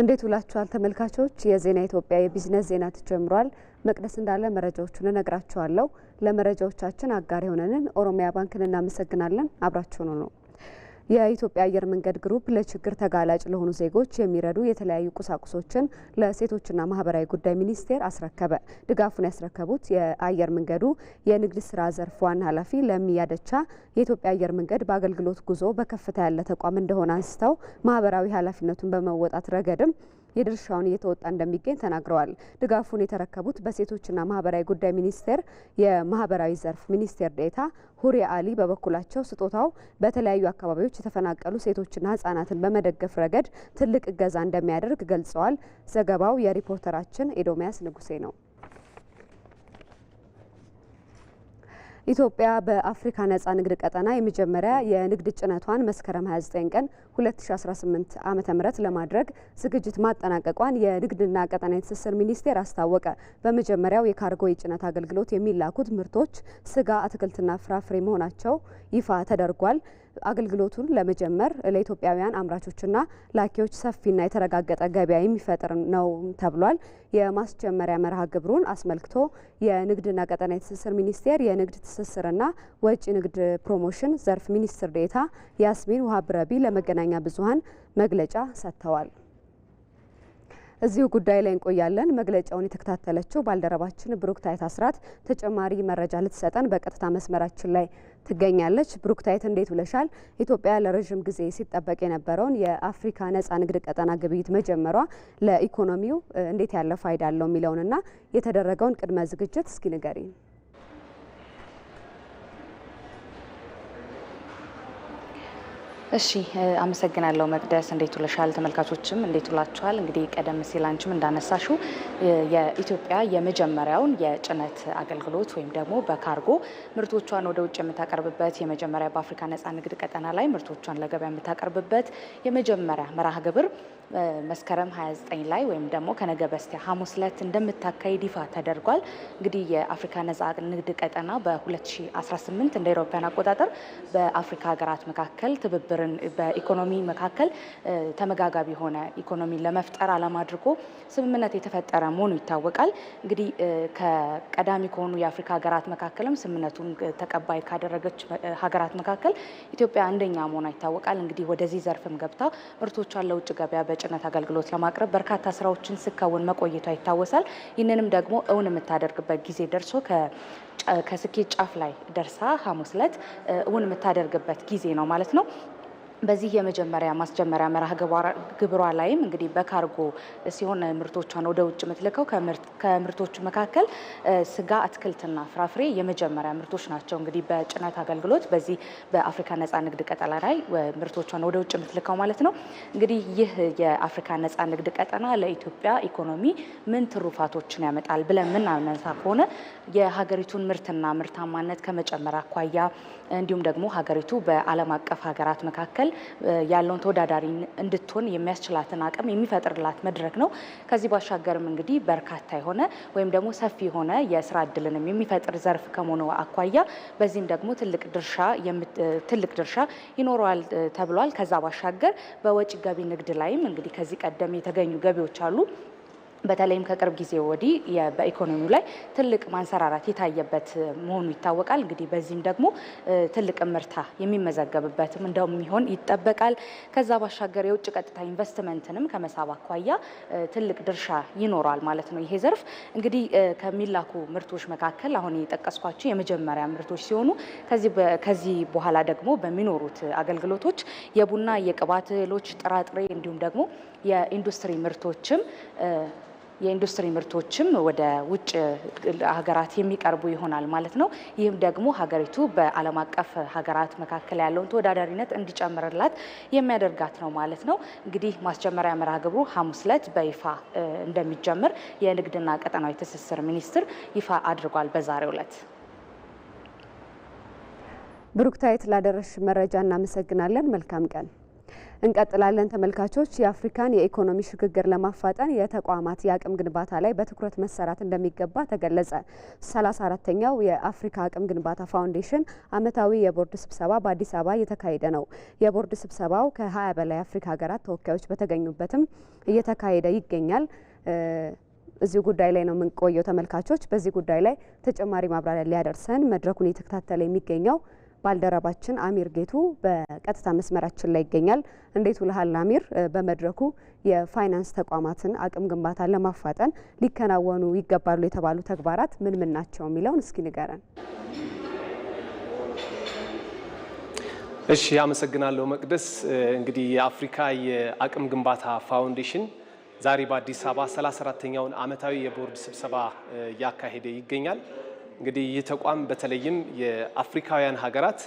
እንዴት ውላችኋል ተመልካቾች? የዜና ኢትዮጵያ የቢዝነስ ዜና ተጀምሯል። መቅደስ እንዳለ መረጃዎቹን እነግራችኋለሁ። ለመረጃዎቻችን አጋር የሆነንን ኦሮሚያ ባንክን እናመሰግናለን። አብራችሁኑ ነው የኢትዮጵያ አየር መንገድ ግሩፕ ለችግር ተጋላጭ ለሆኑ ዜጎች የሚረዱ የተለያዩ ቁሳቁሶችን ለሴቶችና ማህበራዊ ጉዳይ ሚኒስቴር አስረከበ። ድጋፉን ያስረከቡት የአየር መንገዱ የንግድ ስራ ዘርፍ ዋና ኃላፊ ለሚያደቻ የኢትዮጵያ አየር መንገድ በአገልግሎት ጉዞ በከፍታ ያለ ተቋም እንደሆነ አንስተው ማህበራዊ ኃላፊነቱን በመወጣት ረገድም የድርሻውን እየተወጣ እንደሚገኝ ተናግረዋል። ድጋፉን የተረከቡት በሴቶችና ማህበራዊ ጉዳይ ሚኒስቴር የማህበራዊ ዘርፍ ሚኒስቴር ዴታ ሁሪያ አሊ በበኩላቸው ስጦታው በተለያዩ አካባቢዎች የተፈናቀሉ ሴቶችና ህጻናትን በመደገፍ ረገድ ትልቅ እገዛ እንደሚያደርግ ገልጸዋል። ዘገባው የሪፖርተራችን ኤዶሚያስ ንጉሴ ነው። ኢትዮጵያ በአፍሪካ ነጻ ንግድ ቀጠና የመጀመሪያ የንግድ ጭነቷን መስከረም 29 ቀን 2018 ዓ.ም ለማድረግ ዝግጅት ማጠናቀቋን የንግድና ቀጠና የትስስር ሚኒስቴር አስታወቀ። በመጀመሪያው የካርጎ የጭነት አገልግሎት የሚላኩት ምርቶች ስጋ፣ አትክልትና ፍራፍሬ መሆናቸው ይፋ ተደርጓል። አገልግሎቱን ለመጀመር ለኢትዮጵያውያን አምራቾችና ላኪዎች ሰፊና የተረጋገጠ ገበያ የሚፈጥር ነው ተብሏል። የማስጀመሪያ መርሃ ግብሩን አስመልክቶ የንግድና ቀጠናዊ ትስስር ሚኒስቴር የንግድ ትስስርና ወጪ ንግድ ፕሮሞሽን ዘርፍ ሚኒስትር ዴታ ያስሚን ውሃ ብረቢ ለመገናኛ ብዙኃን መግለጫ ሰጥተዋል። እዚሁ ጉዳይ ላይ እንቆያለን። መግለጫውን የተከታተለችው ባልደረባችን ብሩክታይት አስራት ተጨማሪ መረጃ ልትሰጠን በቀጥታ መስመራችን ላይ ትገኛለች። ብሩክታይት እንዴት ውለሻል? ኢትዮጵያ ለረዥም ጊዜ ሲጠበቅ የነበረውን የአፍሪካ ነጻ ንግድ ቀጠና ግብይት መጀመሯ ለኢኮኖሚው እንዴት ያለ ፋይዳ አለው የሚለውንና የተደረገውን ቅድመ ዝግጅት እስኪ ንገሪን። እሺ አመሰግናለሁ መቅደስ። እንዴት ውለሻል? ተመልካቾችም እንዴት ውላችኋል? እንግዲህ ቀደም ሲል አንቺም እንዳነሳሽው የኢትዮጵያ የመጀመሪያውን የጭነት አገልግሎት ወይም ደግሞ በካርጎ ምርቶቿን ወደ ውጭ የምታቀርብበት የመጀመሪያ በአፍሪካ ነፃ ንግድ ቀጠና ላይ ምርቶቿን ለገበያ የምታቀርብበት የመጀመሪያ መርሃ ግብር መስከረም 29 ላይ ወይም ደግሞ ከነገ በስቲያ ሐሙስ ዕለት እንደምታካሄድ ይፋ ተደርጓል። እንግዲህ የአፍሪካ ነፃ ንግድ ቀጠና በ2018 እንደ አውሮፓውያን አቆጣጠር በአፍሪካ ሀገራት መካከል ትብብር ሀገርን በኢኮኖሚ መካከል ተመጋጋቢ የሆነ ኢኮኖሚ ለመፍጠር ዓላማ አድርጎ ስምምነት የተፈጠረ መሆኑ ይታወቃል። እንግዲህ ከቀዳሚ ከሆኑ የአፍሪካ ሀገራት መካከልም ስምምነቱን ተቀባይ ካደረገች ሀገራት መካከል ኢትዮጵያ አንደኛ መሆኗ ይታወቃል። እንግዲህ ወደዚህ ዘርፍም ገብታ ምርቶቿን ለውጭ ገበያ በጭነት አገልግሎት ለማቅረብ በርካታ ስራዎችን ስከውን መቆየቷ ይታወሳል። ይህንንም ደግሞ እውን የምታደርግበት ጊዜ ደርሶ ከስኬት ጫፍ ላይ ደርሳ ሐሙስ ዕለት እውን የምታደርግበት ጊዜ ነው ማለት ነው። በዚህ የመጀመሪያ ማስጀመሪያ መርሃ ግብሯ ላይም እንግዲህ በካርጎ ሲሆን ምርቶቿን ወደ ውጭ የምትልከው ከምርቶቹ መካከል ስጋ፣ አትክልትና ፍራፍሬ የመጀመሪያ ምርቶች ናቸው። እንግዲህ በጭነት አገልግሎት በዚህ በአፍሪካ ነጻ ንግድ ቀጠና ላይ ምርቶቿን ወደ ውጭ የምትልከው ማለት ነው። እንግዲህ ይህ የአፍሪካ ነጻ ንግድ ቀጠና ለኢትዮጵያ ኢኮኖሚ ምን ትሩፋቶችን ያመጣል ብለን የምናነሳ ከሆነ የሀገሪቱን ምርትና ምርታማነት ከመጨመር አኳያ እንዲሁም ደግሞ ሀገሪቱ በዓለም አቀፍ ሀገራት መካከል ያለውን ተወዳዳሪ እንድትሆን የሚያስችላትን አቅም የሚፈጥርላት መድረክ ነው። ከዚህ ባሻገርም እንግዲህ በርካታ የሆነ ወይም ደግሞ ሰፊ የሆነ የስራ እድልንም የሚፈጥር ዘርፍ ከመሆኑ አኳያ በዚህም ደግሞ ትልቅ ድርሻ ትልቅ ድርሻ ይኖረዋል ተብሏል። ከዛ ባሻገር በወጪ ገቢ ንግድ ላይም እንግዲህ ከዚህ ቀደም የተገኙ ገቢዎች አሉ በተለይም ከቅርብ ጊዜ ወዲህ በኢኮኖሚው ላይ ትልቅ ማንሰራራት የታየበት መሆኑ ይታወቃል። እንግዲህ በዚህም ደግሞ ትልቅ ምርታ የሚመዘገብበትም እንደሚሆን ይጠበቃል። ከዛ ባሻገር የውጭ ቀጥታ ኢንቨስትመንትንም ከመሳብ አኳያ ትልቅ ድርሻ ይኖረዋል ማለት ነው። ይሄ ዘርፍ እንግዲህ ከሚላኩ ምርቶች መካከል አሁን የጠቀስኳቸው የመጀመሪያ ምርቶች ሲሆኑ ከዚህ በኋላ ደግሞ በሚኖሩት አገልግሎቶች የቡና የቅባት እህሎች፣ ጥራጥሬ እንዲሁም ደግሞ የኢንዱስትሪ ምርቶችም የኢንዱስትሪ ምርቶችም ወደ ውጭ ሀገራት የሚቀርቡ ይሆናል ማለት ነው። ይህም ደግሞ ሀገሪቱ በዓለም አቀፍ ሀገራት መካከል ያለውን ተወዳዳሪነት እንዲጨምርላት የሚያደርጋት ነው ማለት ነው። እንግዲህ ማስጀመሪያ መርሃ ግብሩ ሐሙስ ዕለት በይፋ እንደሚጀምር የንግድና ቀጠናዊ ትስስር ሚኒስትር ይፋ አድርጓል በዛሬው ዕለት። ብሩክታይት ላደረሽ መረጃ እናመሰግናለን። መልካም ቀን እንቀጥላለን ተመልካቾች። የአፍሪካን የኢኮኖሚ ሽግግር ለማፋጠን የተቋማት የአቅም ግንባታ ላይ በትኩረት መሰራት እንደሚገባ ተገለጸ። 34ተኛው የአፍሪካ አቅም ግንባታ ፋውንዴሽን አመታዊ የቦርድ ስብሰባ በአዲስ አበባ እየተካሄደ ነው። የቦርድ ስብሰባው ከ20 በላይ አፍሪካ ሀገራት ተወካዮች በተገኙበትም እየተካሄደ ይገኛል። እዚህ ጉዳይ ላይ ነው የምንቆየው ተመልካቾች። በዚህ ጉዳይ ላይ ተጨማሪ ማብራሪያ ሊያደርሰን መድረኩን እየተከታተለ የሚገኘው ባልደረባችን አሚር ጌቱ በቀጥታ መስመራችን ላይ ይገኛል። እንዴት ውልሃል አሚር? በመድረኩ የፋይናንስ ተቋማትን አቅም ግንባታ ለማፋጠን ሊከናወኑ ይገባሉ የተባሉ ተግባራት ምን ምን ናቸው የሚለውን እስኪ ንገረን። እሺ አመሰግናለሁ መቅደስ። እንግዲህ የአፍሪካ የአቅም ግንባታ ፋውንዴሽን ዛሬ በአዲስ አበባ 34 ተኛውን ዓመታዊ የቦርድ ስብሰባ እያካሄደ ይገኛል። እንግዲህ ይህ ተቋም በተለይም የአፍሪካውያን ሀገራት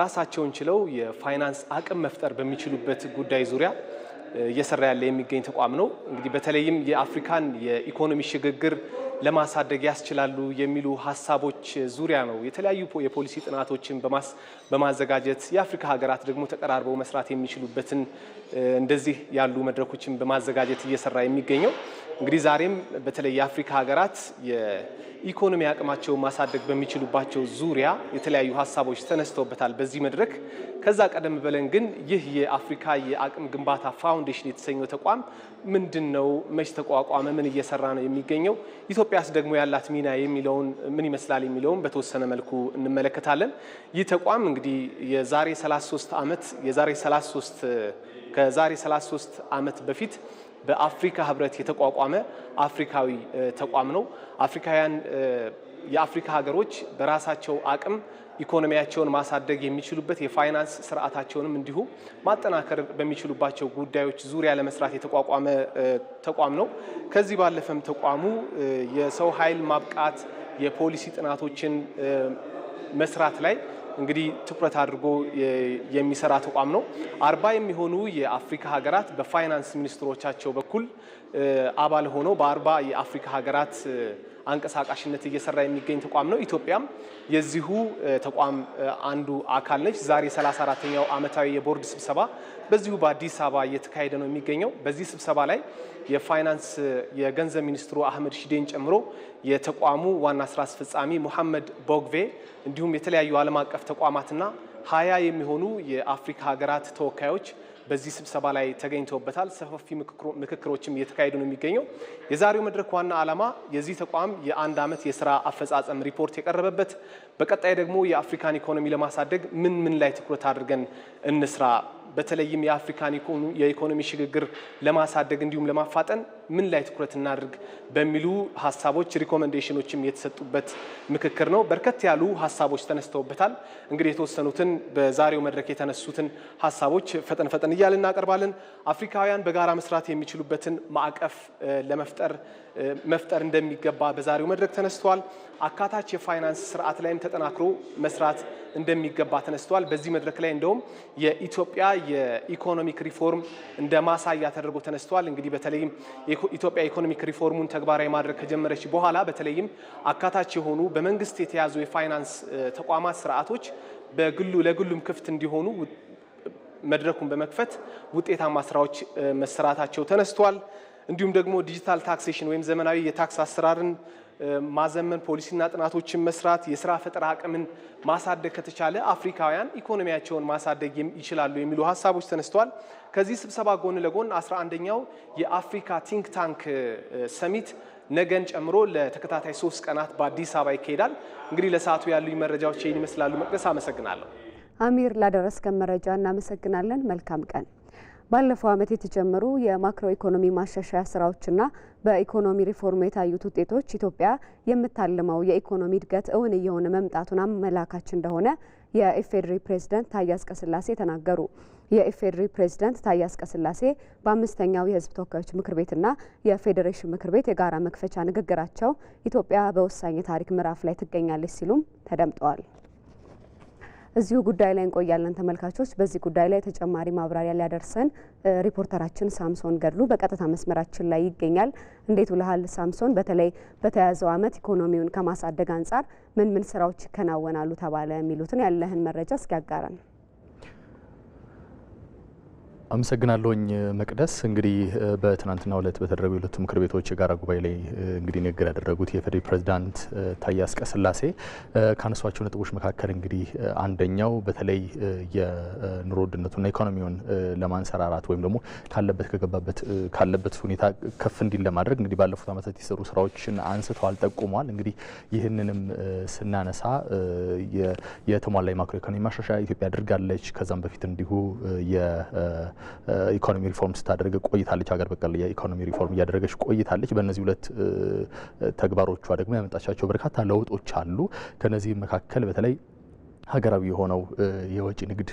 ራሳቸውን ችለው የፋይናንስ አቅም መፍጠር በሚችሉበት ጉዳይ ዙሪያ እየሰራ ያለ የሚገኝ ተቋም ነው። እንግዲህ በተለይም የአፍሪካን የኢኮኖሚ ሽግግር ለማሳደግ ያስችላሉ የሚሉ ሀሳቦች ዙሪያ ነው የተለያዩ የፖሊሲ ጥናቶችን በማዘጋጀት የአፍሪካ ሀገራት ደግሞ ተቀራርበው መስራት የሚችሉበትን እንደዚህ ያሉ መድረኮችን በማዘጋጀት እየሰራ የሚገኘው እንግዲህ ዛሬም በተለይ የአፍሪካ ሀገራት የኢኮኖሚ አቅማቸውን ማሳደግ በሚችሉባቸው ዙሪያ የተለያዩ ሀሳቦች ተነስተውበታል በዚህ መድረክ። ከዛ ቀደም ብለን ግን ይህ የአፍሪካ የአቅም ግንባታ ፋውንዴሽን የተሰኘው ተቋም ምንድን ነው? መች ተቋቋመ? ምን እየሰራ ነው የሚገኘው? ኢትዮጵያስ ደግሞ ያላት ሚና የሚለውን ምን ይመስላል የሚለውን በተወሰነ መልኩ እንመለከታለን። ይህ ተቋም እንግዲህ የዛሬ 33 ዓመት የዛሬ 33 ከዛሬ 33 ዓመት በፊት በአፍሪካ ህብረት የተቋቋመ አፍሪካዊ ተቋም ነው። አፍሪካውያን የአፍሪካ ሀገሮች በራሳቸው አቅም ኢኮኖሚያቸውን ማሳደግ የሚችሉበት የፋይናንስ ስርዓታቸውንም እንዲሁ ማጠናከር በሚችሉባቸው ጉዳዮች ዙሪያ ለመስራት የተቋቋመ ተቋም ነው። ከዚህ ባለፈም ተቋሙ የሰው ኃይል ማብቃት የፖሊሲ ጥናቶችን መስራት ላይ እንግዲህ ትኩረት አድርጎ የሚሰራ ተቋም ነው። አርባ የሚሆኑ የአፍሪካ ሀገራት በፋይናንስ ሚኒስትሮቻቸው በኩል አባል ሆኖ በአርባ የአፍሪካ ሀገራት አንቀሳቃሽነት እየሰራ የሚገኝ ተቋም ነው። ኢትዮጵያም የዚሁ ተቋም አንዱ አካል ነች። ዛሬ 34 ተኛው ዓመታዊ የቦርድ ስብሰባ በዚሁ በአዲስ አበባ እየተካሄደ ነው የሚገኘው። በዚህ ስብሰባ ላይ የፋይናንስ የገንዘብ ሚኒስትሩ አህመድ ሺዴን ጨምሮ የተቋሙ ዋና ስራ አስፈጻሚ ሙሐመድ ቦግቬ እንዲሁም የተለያዩ ዓለም አቀፍ ተቋማትና ሀያ የሚሆኑ የአፍሪካ ሀገራት ተወካዮች በዚህ ስብሰባ ላይ ተገኝቶበታል። ሰፋፊ ምክክሮችም እየተካሄዱ ነው የሚገኘው። የዛሬው መድረክ ዋና ዓላማ የዚህ ተቋም የአንድ ዓመት የስራ አፈጻጸም ሪፖርት የቀረበበት፣ በቀጣይ ደግሞ የአፍሪካን ኢኮኖሚ ለማሳደግ ምን ምን ላይ ትኩረት አድርገን እንስራ፣ በተለይም የአፍሪካን የኢኮኖሚ ሽግግር ለማሳደግ እንዲሁም ለማፋጠን ምን ላይ ትኩረት እናድርግ በሚሉ ሀሳቦች ሪኮመንዴሽኖችም የተሰጡበት ምክክር ነው። በርከት ያሉ ሀሳቦች ተነስተውበታል። እንግዲህ የተወሰኑትን በዛሬው መድረክ የተነሱትን ሀሳቦች ፈጠን ፈጠን እያል እናቀርባለን። አፍሪካውያን በጋራ መስራት የሚችሉበትን ማዕቀፍ ለመፍጠር መፍጠር እንደሚገባ በዛሬው መድረክ ተነስተዋል። አካታች የፋይናንስ ስርዓት ላይም ተጠናክሮ መስራት እንደሚገባ ተነስተዋል። በዚህ መድረክ ላይ እንደውም የኢትዮጵያ የኢኮኖሚክ ሪፎርም እንደ ማሳያ ተደርጎ ተነስተዋል። እንግዲህ በተለይም ኢትዮጵያ ኢኮኖሚክ ሪፎርሙን ተግባራዊ ማድረግ ከጀመረች በኋላ በተለይም አካታች የሆኑ በመንግስት የተያዙ የፋይናንስ ተቋማት ስርዓቶች በግሉ ለግሉም ክፍት እንዲሆኑ መድረኩን በመክፈት ውጤታማ ስራዎች መሰራታቸው ተነስቷል። እንዲሁም ደግሞ ዲጂታል ታክሴሽን ወይም ዘመናዊ የታክስ አሰራርን ማዘመን፣ ፖሊሲና ጥናቶችን መስራት፣ የስራ ፈጠራ አቅምን ማሳደግ ከተቻለ አፍሪካውያን ኢኮኖሚያቸውን ማሳደግ ይችላሉ የሚሉ ሀሳቦች ተነስተዋል። ከዚህ ስብሰባ ጎን ለጎን 11ኛው የአፍሪካ ቲንክ ታንክ ሰሚት ነገን ጨምሮ ለተከታታይ ሶስት ቀናት በአዲስ አበባ ይካሄዳል። እንግዲህ ለሰዓቱ ያሉ መረጃዎች ይህን ይመስላሉ። መቅደስ፣ አመሰግናለሁ። አሚር፣ ላደረስከን መረጃ እናመሰግናለን። መልካም ቀን ባለፈው ዓመት የተጀመሩ የማክሮ ኢኮኖሚ ማሻሻያ ስራዎችና በኢኮኖሚ ሪፎርም የታዩት ውጤቶች ኢትዮጵያ የምታልመው የኢኮኖሚ እድገት እውን እየሆነ መምጣቱን አመላካች እንደሆነ የኢፌዴሪ ፕሬዝዳንት ታዬ አጽቀሥላሴ ተናገሩ። የኢፌዴሪ ፕሬዝዳንት ታዬ አጽቀሥላሴ በአምስተኛው የህዝብ ተወካዮች ምክር ቤትና የፌዴሬሽን ምክር ቤት የጋራ መክፈቻ ንግግራቸው ኢትዮጵያ በወሳኝ የታሪክ ምዕራፍ ላይ ትገኛለች ሲሉም ተደምጠዋል። እዚሁ ጉዳይ ላይ እንቆያለን ተመልካቾች። በዚህ ጉዳይ ላይ ተጨማሪ ማብራሪያ ሊያደርሰን ሪፖርተራችን ሳምሶን ገድሉ በቀጥታ መስመራችን ላይ ይገኛል። እንዴት ውለሃል ሳምሶን? በተለይ በተያያዘው ዓመት ኢኮኖሚውን ከማሳደግ አንጻር ምን ምን ስራዎች ይከናወናሉ ተባለ የሚሉትን ያለህን መረጃ እስኪያጋራን አመሰግናለሁኝ መቅደስ። እንግዲህ በትናንትናው ዕለት በተደረጉ የሁለቱ ምክር ቤቶች የጋራ ጉባኤ ላይ እንግዲህ ንግግር ያደረጉት የፌዴሪ ፕሬዚዳንት ታዬ አጽቀሥላሴ ካነሷቸው ነጥቦች መካከል እንግዲህ አንደኛው በተለይ የኑሮ ውድነቱና ኢኮኖሚውን ለማንሰራራት ወይም ደግሞ ካለበት ከገባበት ካለበት ሁኔታ ከፍ እንዲል ለማድረግ እንግዲህ ባለፉት ዓመታት የሰሩ ስራዎችን አንስተዋል፣ ጠቁመዋል። እንግዲህ ይህንንም ስናነሳ የተሟላ የማክሮ ኢኮኖሚ ማሻሻያ ኢትዮጵያ አድርጋለች። ከዛም በፊት እንዲሁ የኢኮኖሚ ሪፎርም ስታደርግ ቆይታለች። ሀገር በቀል የኢኮኖሚ ሪፎርም እያደረገች ቆይታለች። በእነዚህ ሁለት ተግባሮቿ ደግሞ ያመጣቻቸው በርካታ ለውጦች አሉ። ከነዚህም መካከል በተለይ ሀገራዊ የሆነው የወጪ ንግድ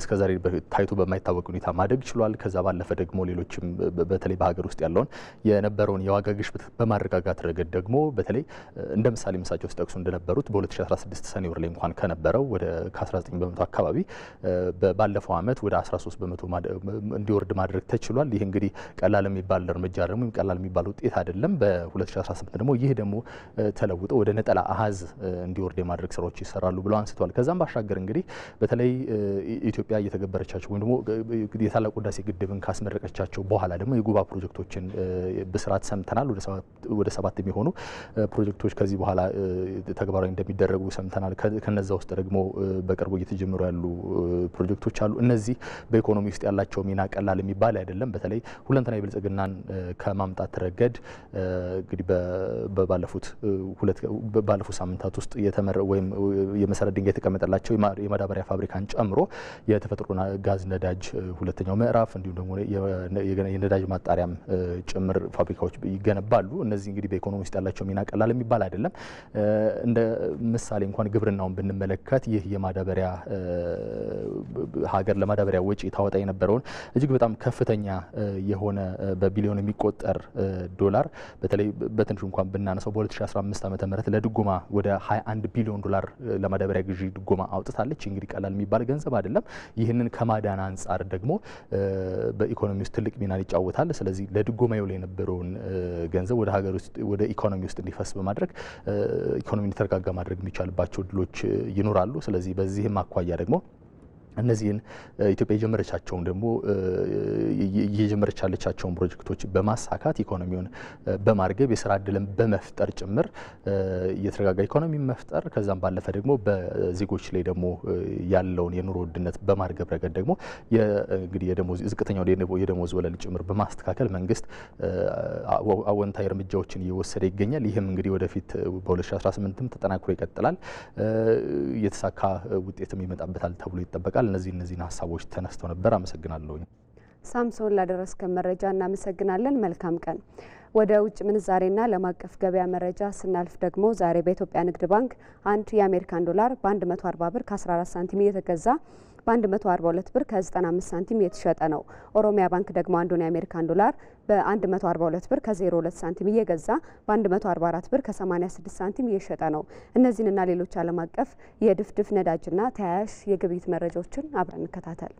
እስከዛሬ ታይቶ በማይታወቅ ሁኔታ ማደግ ችሏል። ከዛ ባለፈ ደግሞ ሌሎችም በተለይ በሀገር ውስጥ ያለውን የነበረውን የዋጋ ግሽበት በማረጋጋት ረገድ ደግሞ በተለይ እንደ ምሳሌ ምሳቸው ውስጥ ጠቅሱ እንደነበሩት በ2016 ሰኔ ወር ላይ እንኳን ከነበረው ወደ 19 በመቶ አካባቢ ባለፈው ዓመት ወደ 13 በመቶ እንዲወርድ ማድረግ ተችሏል። ይህ እንግዲህ ቀላል የሚባል እርምጃ ደግሞ ቀላል የሚባል ውጤት አይደለም። በ2018 ደግሞ ይህ ደግሞ ተለውጦ ወደ ነጠላ አሀዝ እንዲወርድ የማድረግ ስራዎች ይሰራሉ ብለው አንስተዋል። ከዛም ባሻገር እንግዲህ በተለይ ኢትዮጵያ እየተገበረቻቸው ወይም ደግሞ የታላቁ ህዳሴ ግድብን ካስመረቀቻቸው በኋላ ደግሞ የጉባ ፕሮጀክቶችን ብስራት ሰምተናል። ወደ ሰባት የሚሆኑ ፕሮጀክቶች ከዚህ በኋላ ተግባራዊ እንደሚደረጉ ሰምተናል። ከነዛ ውስጥ ደግሞ በቅርቡ እየተጀመሩ ያሉ ፕሮጀክቶች አሉ። እነዚህ በኢኮኖሚ ውስጥ ያላቸው ሚና ቀላል የሚባል አይደለም። በተለይ ሁለንተና የብልጽግናን ከማምጣት ረገድ እንግዲህ ባለፉት ሳምንታት ውስጥ ወይም የመሰረት ድንጋይ የተቀመጠላቸው የማዳበሪያ ፋብሪካን ጨምሮ የተፈጥሮ ጋዝ ነዳጅ ሁለተኛው ምዕራፍ እንዲሁም ደግሞ የነዳጅ ማጣሪያም ጭምር ፋብሪካዎች ይገነባሉ። እነዚህ እንግዲህ በኢኮኖሚ ውስጥ ያላቸው ሚና ቀላል የሚባል አይደለም። እንደ ምሳሌ እንኳን ግብርናውን ብንመለከት ይህ የማዳበሪያ ሀገር ለማዳበሪያ ወጪ ታወጣ የነበረውን እጅግ በጣም ከፍተኛ የሆነ በቢሊዮን የሚቆጠር ዶላር በተለይ በትንሹ እንኳን ብናነሳው በ2015 ዓ ም ለድጎማ ወደ 21 ቢሊዮን ዶላር ለማዳበሪያ ግዢ ድጎማ አውጥታለች። እንግዲህ ቀላል የሚባል ገንዘብ አይደለም። ይህንን ከማዳን አንጻር ደግሞ በኢኮኖሚ ውስጥ ትልቅ ሚናን ይጫወታል። ስለዚህ ለድጎማ ይውል የነበረውን ገንዘብ ወደ ሀገር ውስጥ ወደ ኢኮኖሚ ውስጥ እንዲፈስ በማድረግ ኢኮኖሚ እንዲተረጋጋ ማድረግ የሚቻልባቸው እድሎች ይኖራሉ። ስለዚህ በዚህም አኳያ ደግሞ እነዚህን ኢትዮጵያ የጀመረቻቸውን ደግሞ እየጀመረች ያለቻቸውን ፕሮጀክቶች በማሳካት ኢኮኖሚውን በማርገብ የስራ እድልን በመፍጠር ጭምር የተረጋጋ ኢኮኖሚ መፍጠር ከዛም ባለፈ ደግሞ በዜጎች ላይ ደግሞ ያለውን የኑሮ ውድነት በማርገብ ረገድ ደግሞ እንግዲህ ዝቅተኛውን የደሞዝ ወለል ጭምር በማስተካከል መንግስት አወንታዊ እርምጃዎችን እየወሰደ ይገኛል። ይህም እንግዲህ ወደፊት በ2018ም ተጠናክሮ ይቀጥላል። የተሳካ ውጤትም ይመጣበታል ተብሎ ይጠበቃል። ይመስላል። እነዚህ እነዚህን ሀሳቦች ተነስተው ነበር። አመሰግናለሁኝ። ሳምሶን ላደረስከን መረጃ እናመሰግናለን። መልካም ቀን። ወደ ውጭ ምንዛሬና ዓለም አቀፍ ገበያ መረጃ ስናልፍ ደግሞ ዛሬ በኢትዮጵያ ንግድ ባንክ አንድ የአሜሪካን ዶላር በ140 ብር ከ14 ሳንቲም እየተገዛ በ142 ብር ከ95 ሳንቲም የተሸጠ ነው። ኦሮሚያ ባንክ ደግሞ አንዱን የአሜሪካን ዶላር በ142 ብር ከ02 ሳንቲም እየገዛ በ144 ብር ከ86 ሳንቲም እየሸጠ ነው። እነዚህንና ሌሎች ዓለም አቀፍ የድፍድፍ ነዳጅና ተያያዥ የግብይት መረጃዎችን አብረን እንከታተል።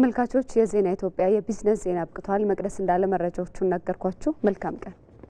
ተመልካቾች፣ የዜና ኢትዮጵያ የቢዝነስ ዜና አብቅቷል። መቅደስ እንዳለ መረጃዎቹን ነገርኳችሁ። መልካም ቀን